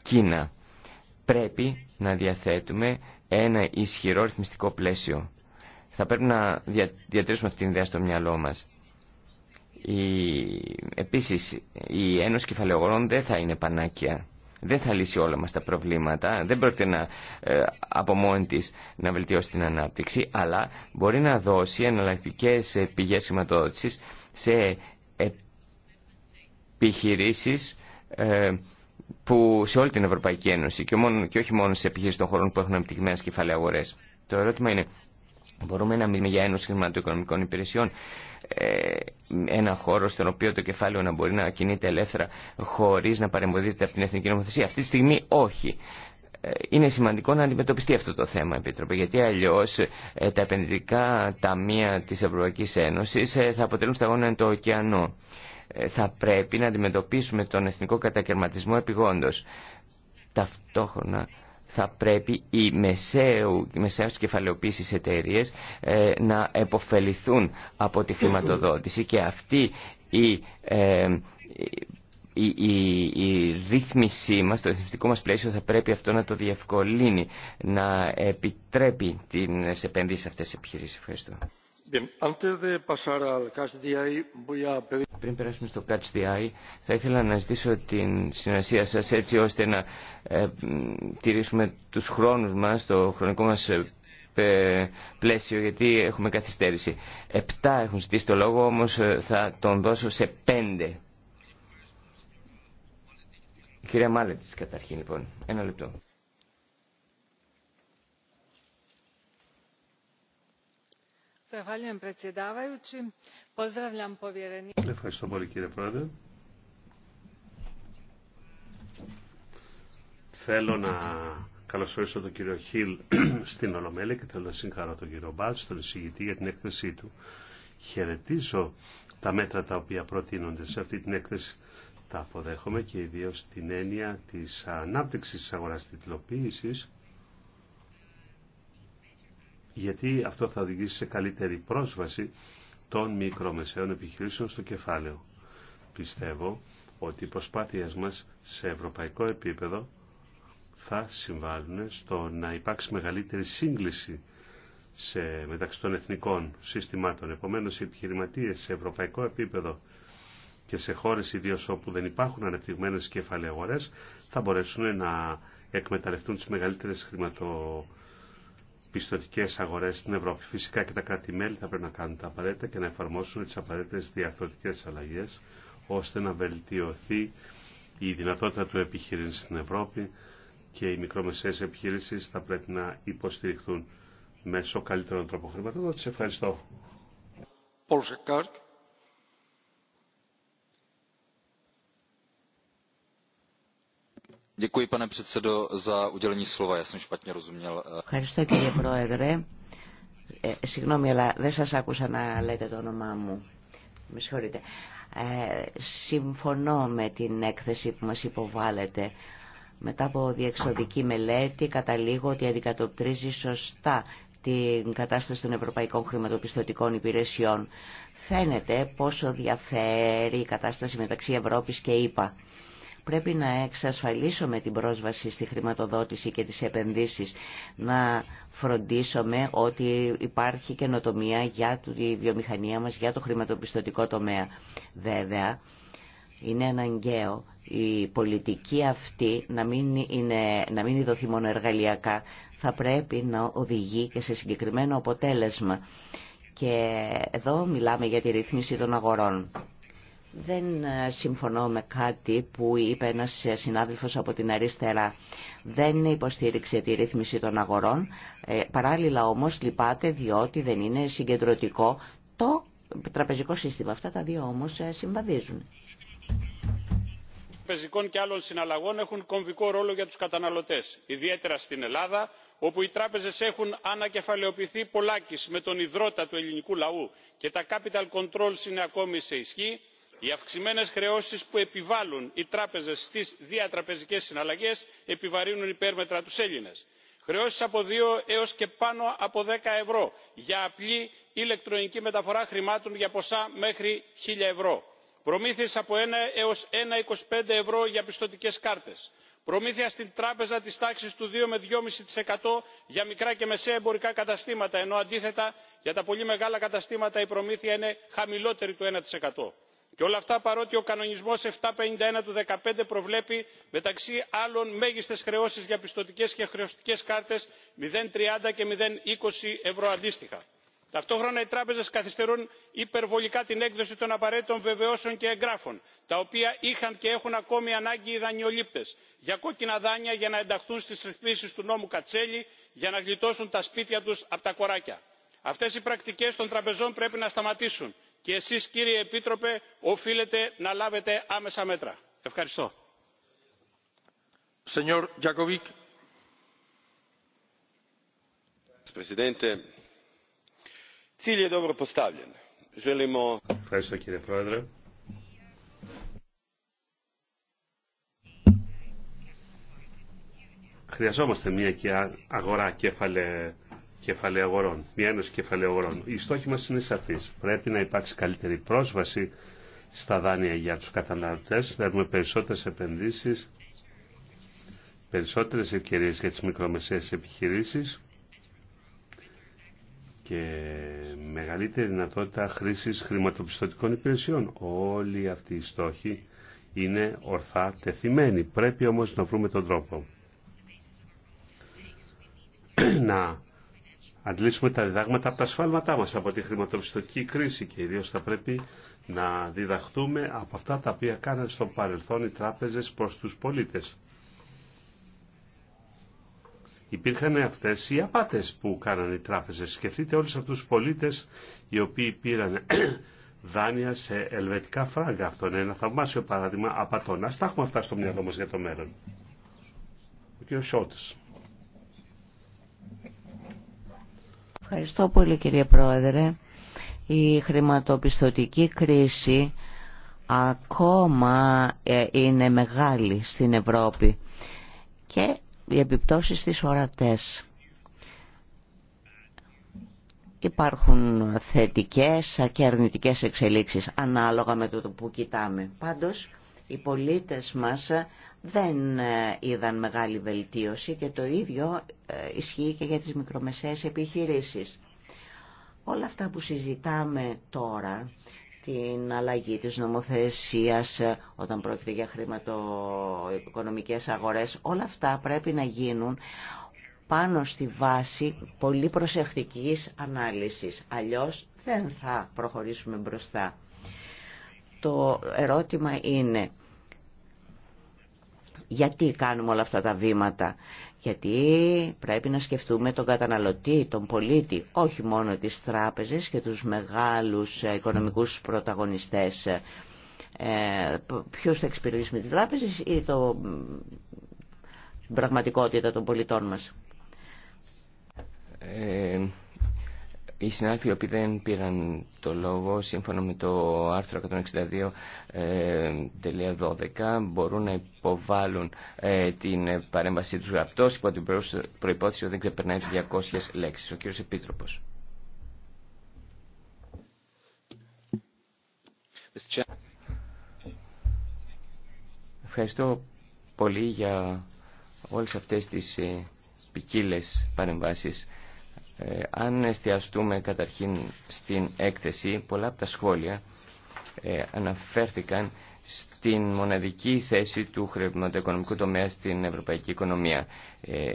Κίνα. Πρέπει να διαθέτουμε ένα ισχυρό ρυθμιστικό πλαίσιο. Θα πρέπει να δια, διατηρήσουμε την ιδέα στο μυαλό μας. Η, επίσης, η Ένωση Κεφαλαιογορών δεν θα είναι πανάκια δεν θα λύσει όλα μας τα προβλήματα, δεν πρόκειται να, ε, από μόνη της να βελτιώσει την ανάπτυξη, αλλά μπορεί να δώσει εναλλακτικέ ε, πηγές χρηματοδότησης σε επιχειρήσεις ε, που σε όλη την Ευρωπαϊκή Ένωση και, μόνο, και όχι μόνο σε επιχειρήσεις των χωρών που έχουν επιτυχημένες κεφαλαίες αγορές. Το ερώτημα είναι Μπορούμε να μιλούμε για ένωση χρηματοοικονομικών υπηρεσιών, ε, ένα χώρο στον οποίο το κεφάλαιο να μπορεί να κινείται ελεύθερα χωρίς να παρεμποδίζεται από την εθνική νομοθεσία. Αυτή τη στιγμή όχι. Ε, είναι σημαντικό να αντιμετωπιστεί αυτό το θέμα, Επίτροπε, γιατί αλλιώ ε, τα επενδυτικά ταμεία τη Ευρωπαϊκή Ένωση θα αποτελούν σταγόνα εν το ωκεανό. Θα πρέπει να αντιμετωπίσουμε τον εθνικό κατακαιρματισμό επιγόντω. Ταυτόχρονα θα πρέπει οι μεσαίου, μεσαίους εταιρείε ε, να επωφεληθούν από τη χρηματοδότηση και αυτή η, ε, η, η, η, ρύθμισή μας, το ρυθμιστικό μας πλαίσιο θα πρέπει αυτό να το διευκολύνει, να επιτρέπει τι επενδύσει αυτές τις επιχειρήσεις. Ευχαριστώ. Πριν περάσουμε στο Catch the Eye, θα ήθελα να ζητήσω την συνεργασία σα έτσι ώστε να ε, τηρήσουμε τους χρόνους μας, το χρονικό μα ε, πλαίσιο, γιατί έχουμε καθυστέρηση. Επτά έχουν ζητήσει το λόγο, όμως ε, θα τον δώσω σε πέντε. κυρία Μάλετης, καταρχήν, λοιπόν. Ένα λεπτό. Ευχαριστώ πολύ κύριε Πρόεδρε. Θέλω να καλωσορίσω τον κύριο Χιλ στην Ολομέλεια και θέλω να συγχαρώ τον κύριο Μπάλτ, τον εισηγητή για την έκθεσή του. Χαιρετίζω τα μέτρα τα οποία προτείνονται σε αυτή την έκθεση. Τα αποδέχομαι και ιδίω την έννοια της ανάπτυξης της αγοράς γιατί αυτό θα οδηγήσει σε καλύτερη πρόσβαση των μικρομεσαίων επιχειρήσεων στο κεφάλαιο. Πιστεύω ότι οι προσπάθειές μας σε ευρωπαϊκό επίπεδο θα συμβάλλουν στο να υπάρξει μεγαλύτερη σύγκληση μεταξύ των εθνικών συστημάτων. Επομένως, οι επιχειρηματίες σε ευρωπαϊκό επίπεδο και σε χώρες ιδίω όπου δεν υπάρχουν ανεπτυγμένες κεφαλαίες θα μπορέσουν να εκμεταλλευτούν τις μεγαλύτερες χρηματοδοτήσεις πιστοτικές αγορές στην Ευρώπη. Φυσικά και τα κράτη-μέλη θα πρέπει να κάνουν τα απαραίτητα και να εφαρμόσουν τις απαραίτητε διαρθρωτικέ αλλαγέ, ώστε να βελτιωθεί η δυνατότητα του επιχειρήσεων στην Ευρώπη και οι μικρομεσαίε επιχειρήσεις θα πρέπει να υποστηριχθούν μέσω καλύτερων τρόπων χρηματοδότηση. Ευχαριστώ. Eh. Ευχαριστώ κύριε Πρόεδρε. Ε, συγγνώμη, αλλά δεν σας άκουσα να λέτε το όνομά μου. Με συγχωρείτε. Ε, συμφωνώ με την έκθεση που μας υποβάλλεται. Μετά από διεξοδική μελέτη καταλήγω ότι αντικατοπτρίζει σωστά την κατάσταση των ευρωπαϊκών χρηματοπιστωτικών υπηρεσιών. Φαίνεται πόσο διαφέρει η κατάσταση μεταξύ Ευρώπης και ΕΠΑ. Πρέπει να εξασφαλίσουμε την πρόσβαση στη χρηματοδότηση και τις επενδύσεις, να φροντίσουμε ότι υπάρχει καινοτομία για τη βιομηχανία μας, για το χρηματοπιστωτικό τομέα. Βέβαια, είναι αναγκαίο η πολιτική αυτή να μην, είναι, να μην δοθεί μόνο εργαλειακά, θα πρέπει να οδηγεί και σε συγκεκριμένο αποτέλεσμα. Και εδώ μιλάμε για τη ρυθμίση των αγορών. Δεν ε, συμφωνώ με κάτι που είπε ένας συνάδελφος από την αριστερά. Δεν υποστήριξε τη ρύθμιση των αγορών. Ε, παράλληλα όμως λυπάται διότι δεν είναι συγκεντρωτικό το τραπεζικό σύστημα. Αυτά τα δύο όμως ε, συμβαδίζουν. Τραπεζικών και άλλων συναλλαγών έχουν κομβικό ρόλο για τους καταναλωτές, ιδιαίτερα στην Ελλάδα, όπου οι τράπεζες έχουν ανακεφαλαιοποιηθεί πολλάκις με τον ιδρώτα του ελληνικού λαού και τα capital controls είναι ακόμη σε ισχύ οι αυξημένες χρεώσεις που επιβάλλουν οι τράπεζες στις διατραπεζικές συναλλαγές επιβαρύνουν υπέρμετρα τους έλληνες χρεώσεις από 2 έως και πάνω από 10 ευρώ για απλή ηλεκτρονική μεταφορά χρημάτων για ποσά μέχρι 1000 ευρώ προμήθειες από 1 έως 1,25 ευρώ για πιστωτικές κάρτες προμήθεια στην τράπεζα της τάξης του 2 με 2,5% για μικρά και μεσαία εμπορικά καταστήματα ενώ αντίθετα για τα πολύ μεγάλα καταστήματα η προμήθεια είναι χαμηλότερη του 1% και όλα αυτά παρότι ο κανονισμός 751 ένα του 15 προβλέπει μεταξύ άλλων μέγιστες χρεώσεις για πιστωτικές και χρεωστικές κάρτες μηδέν τριάντα και μηδέν είκοσι ευρώ αντίστοιχα. ταυτόχρονα οι τράπεζες καθυστερούν υπερβολικά την έκδοση των απαραίτητων βεβαιώσεων και εγγράφων τα οποία είχαν και έχουν ακόμη ανάγκη οι δανειολήπτες για κόκκινα δάνεια για να ενταχθούν στις ρυθμίσεις του νόμου κατσέλη για να γλιτώσουν τα σπίτια τους από τα κοράκια. αυτές οι πρακτικές των τραπεζών πρέπει να σταματήσουν και εσείς κύριε επίτροπε οφείλετε να λάβετε άμεσα μέτρα. ευχαριστώ. Ευχαριστώ κύριε Πρόεδρε. Χρειαζόμαστε μια αγορά κεφαλε κεφαλαίου μια ένωση αγορών. Οι μας είναι σαφής. Πρέπει να υπάρξει καλύτερη πρόσβαση στα δάνεια για τους καταναλωτές, έχουμε περισσότερες επενδύσεις, περισσότερες ευκαιρίες για τις μικρομεσαίες επιχειρήσεις και μεγαλύτερη δυνατότητα χρήσης χρηματοπιστωτικών υπηρεσιών. Όλοι αυτοί οι στόχοι είναι ορθά τεθειμένοι. Πρέπει όμως να βρούμε τον τρόπο να αντλήσουμε τα διδάγματα από τα σφάλματά μας, από τη χρηματοπιστωτική κρίση και ιδίως θα πρέπει να διδαχτούμε από αυτά τα οποία κάνανε στο παρελθόν οι τράπεζες προς τους πολίτες. Υπήρχαν αυτές οι απάτες που κάνανε οι τράπεζες. Σκεφτείτε όλους αυτούς τους πολίτες οι οποίοι πήραν δάνεια σε ελβετικά φράγκα. Αυτό είναι ένα θαυμάσιο παράδειγμα απατών. Ας τα έχουμε αυτά στο μυαλό μας για το μέλλον. Ο κ. Σότς. Ευχαριστώ πολύ κύριε Πρόεδρε. Η χρηματοπιστωτική κρίση ακόμα ε, είναι μεγάλη στην Ευρώπη και οι επιπτώσεις της ορατές. Υπάρχουν θετικές και αρνητικές εξελίξεις ανάλογα με το που κοιτάμε. Πάντως οι πολίτες μας ε, δεν ε, είδαν μεγάλη βελτίωση και το ίδιο ε, ισχύει και για τις μικρομεσαίες επιχειρήσεις. Όλα αυτά που συζητάμε τώρα, την αλλαγή της νομοθεσίας όταν πρόκειται για χρηματοοικονομικές αγορές, όλα αυτά πρέπει να γίνουν πάνω στη βάση πολύ προσεκτικής ανάλυσης. Αλλιώς δεν θα προχωρήσουμε μπροστά. Το ερώτημα είναι γιατί κάνουμε όλα αυτά τα βήματα. Γιατί πρέπει να σκεφτούμε τον καταναλωτή, τον πολίτη, όχι μόνο τις τράπεζες και τους μεγάλους ε, οικονομικούς πρωταγωνιστές. Ε, ποιος θα εξυπηρετήσει με τις τράπεζες ή το, την πραγματικότητα των πολιτών μας. Ε, οι συνάδελφοι οι οποίοι δεν πήραν το λόγο σύμφωνα με το άρθρο 162.12 ε, μπορούν να υποβάλουν ε, την παρέμβασή τους γραπτός υπό την προϋπόθεση ότι δεν ξεπερνάει τις 200 λέξεις. Ο κύριος Επίτροπος. Ευχαριστώ πολύ για όλες αυτές τις ε, ποικίλε παρεμβάσεις. Ε, αν εστιαστούμε καταρχήν στην έκθεση, πολλά από τα σχόλια ε, αναφέρθηκαν στην μοναδική θέση του χρηματοοικονομικού τομέα στην ευρωπαϊκή οικονομία. Ε,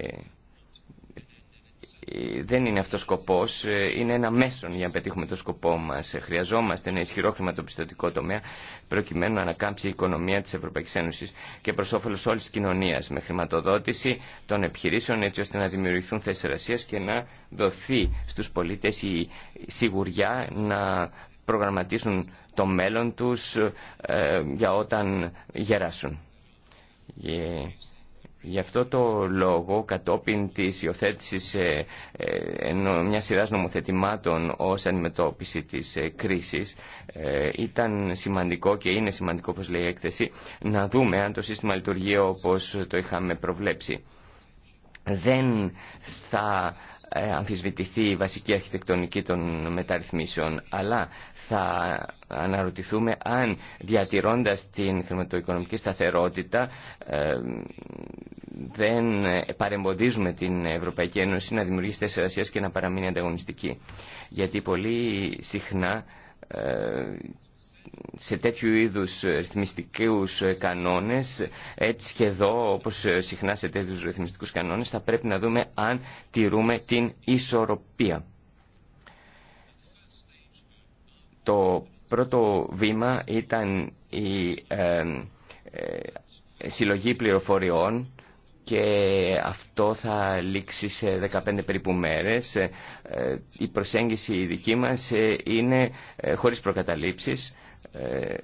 δεν είναι αυτός ο σκοπός, ε, είναι ένα μέσον για να πετύχουμε το σκοπό μας. Ε, χρειαζόμαστε ένα ισχυρό χρηματοπιστωτικό τομέα προκειμένου να ανακάμψει η οικονομία της Ευρωπαϊκή Ένωση και προ όφελο όλη τη κοινωνία με χρηματοδότηση των επιχειρήσεων έτσι ώστε να δημιουργηθούν θέσει εργασία και να δοθεί στου πολίτε η σιγουριά να προγραμματίσουν το μέλλον τους ε, για όταν γεράσουν. Γι' αυτό το λόγο, κατόπιν της υιοθέτησης ε, ε, μια σειράς νομοθετημάτων ως αντιμετώπιση της ε, κρίσης, ε, ήταν σημαντικό και είναι σημαντικό, όπως λέει η έκθεση, να δούμε αν το σύστημα λειτουργεί όπως το είχαμε προβλέψει. Δεν θα ε, αμφισβητηθεί η βασική αρχιτεκτονική των μεταρρυθμίσεων, αλλά θα αναρωτηθούμε αν διατηρώντας την χρηματοοικονομική σταθερότητα ε, δεν παρεμποδίζουμε την Ευρωπαϊκή Ένωση να δημιουργήσει τέσσερα εργασίας και να παραμείνει ανταγωνιστική. Γιατί πολύ συχνά ε, σε τέτοιου είδους ε, ρυθμιστικούς ε, κανόνες, έτσι και εδώ, όπως ε, συχνά σε τέτοιους ρυθμιστικούς κανόνες, θα πρέπει να δούμε αν τηρούμε την ισορροπία. Το πρώτο βήμα ήταν η συλλογή πληροφοριών και αυτό θα λήξει σε 15 περίπου μέρες. η προσέγγιση δική μας είναι χωρίς προκαταλήψεις ε,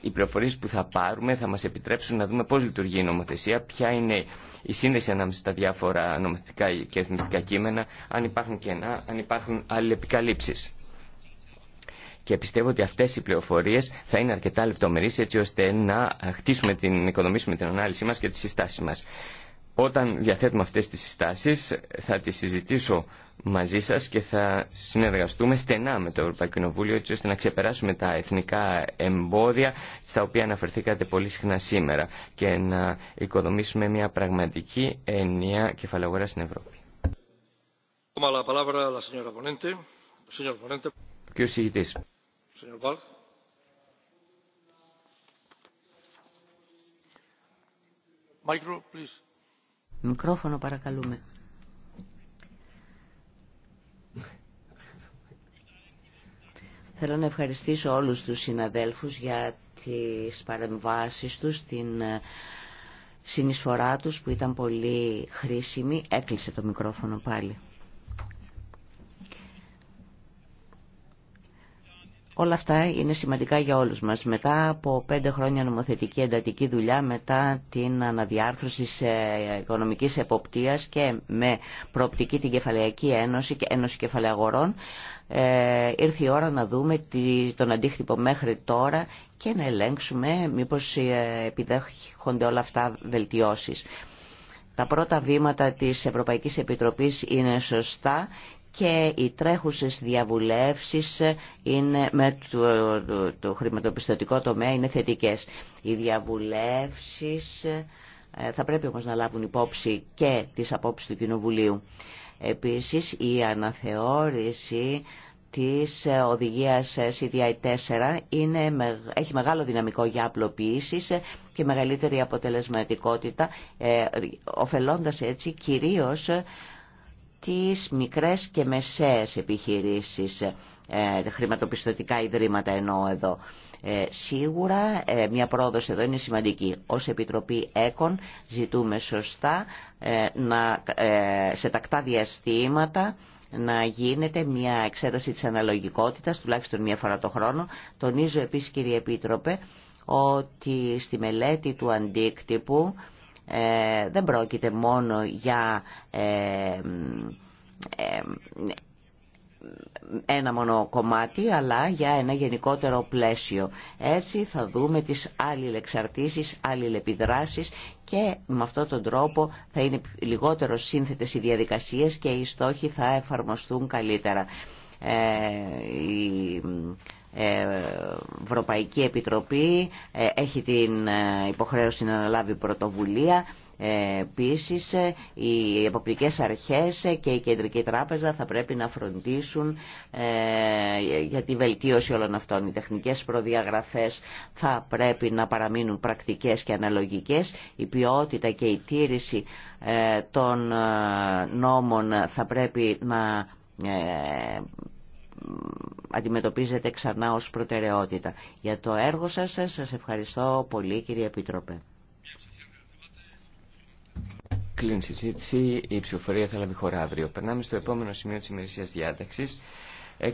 οι πληροφορίες που θα πάρουμε θα μας επιτρέψουν να δούμε πώς λειτουργεί η νομοθεσία, ποια είναι η σύνδεση ανάμεσα στα διάφορα νομοθετικά και εθνιστικά κείμενα, αν υπάρχουν κενά, αν υπάρχουν επικαλύψεις Και πιστεύω ότι αυτές οι πληροφορίες θα είναι αρκετά λεπτομερείς έτσι ώστε να χτίσουμε την, οικοδομήσουμε την ανάλυση μας και τις συστάσεις μας. Όταν διαθέτουμε αυτές τις συστάσεις θα τις συζητήσω μαζί σας και θα συνεργαστούμε στενά με το Ευρωπαϊκό Κοινοβούλιο έτσι ώστε να ξεπεράσουμε τα εθνικά εμπόδια στα οποία αναφερθήκατε πολύ συχνά σήμερα και να οικοδομήσουμε μια πραγματική ενιαία κεφαλαγορά στην Ευρώπη. Μικρόφωνο παρακαλούμε. Θέλω να ευχαριστήσω όλους τους συναδέλφους για τις παρεμβάσεις τους, την ε, συνεισφορά τους που ήταν πολύ χρήσιμη. Έκλεισε το μικρόφωνο πάλι. Όλα αυτά είναι σημαντικά για όλους μας. Μετά από πέντε χρόνια νομοθετική εντατική δουλειά, μετά την αναδιάρθρωση σε οικονομικής εποπτείας και με προοπτική την Κεφαλαϊκή Ένωση και Ένωση Κεφαλαιαγορών, ε, ήρθε η ώρα να δούμε τον αντίκτυπο μέχρι τώρα και να ελέγξουμε μήπως ε, επιδέχονται όλα αυτά βελτιώσεις. Τα πρώτα βήματα της Ευρωπαϊκής Επιτροπής είναι σωστά και οι τρέχουσες διαβουλεύσεις είναι με το, το, χρηματοπιστωτικό τομέα είναι θετικές. Οι διαβουλεύσεις ε, θα πρέπει όμως να λάβουν υπόψη και τις απόψεις του Κοινοβουλίου. Επίσης η αναθεώρηση της οδηγίας CDI 4 είναι, έχει μεγάλο δυναμικό για απλοποίησης και μεγαλύτερη αποτελεσματικότητα, ε, ωφελώντας έτσι κυρίως τις μικρές και μεσαίες επιχειρήσεις, ε, χρηματοπιστωτικά ιδρύματα εννοώ εδώ. Ε, σίγουρα ε, μια πρόοδος εδώ είναι σημαντική. Ως Επιτροπή ΕΚΟΝ ζητούμε σωστά να, σε τακτά διαστήματα να γίνεται μια εξέταση της αναλογικότητας, τουλάχιστον μια φορά το χρόνο. Τονίζω επίσης κύριε Επίτροπε ότι στη μελέτη του αντίκτυπου ε, δεν πρόκειται μόνο για ε, ε, ένα μόνο κομμάτι αλλά για ένα γενικότερο πλαίσιο. Έτσι θα δούμε τις αλληλεξαρτήσεις, αλληλεπιδράσεις και με αυτόν τον τρόπο θα είναι λιγότερο σύνθετες οι διαδικασίες και οι στόχοι θα εφαρμοστούν καλύτερα. Ε, Ευρωπαϊκή Επιτροπή ε, έχει την ε, υποχρέωση να αναλάβει πρωτοβουλία. Επίση, οι εποπτικές αρχές και η Κεντρική Τράπεζα θα πρέπει να φροντίσουν για τη βελτίωση όλων αυτών. Οι τεχνικές προδιαγραφές θα πρέπει να παραμείνουν πρακτικές και αναλογικές. Η ποιότητα και η τήρηση των νόμων θα πρέπει να αντιμετωπίζετε ξανά ως προτεραιότητα. Για το έργο σας σας ευχαριστώ πολύ κύριε Επίτροπε. Κλείνει η συζήτηση, η ψηφοφορία θα λάβει χώρα αύριο. Περνάμε στο επόμενο σημείο της ημερησίας διάταξης.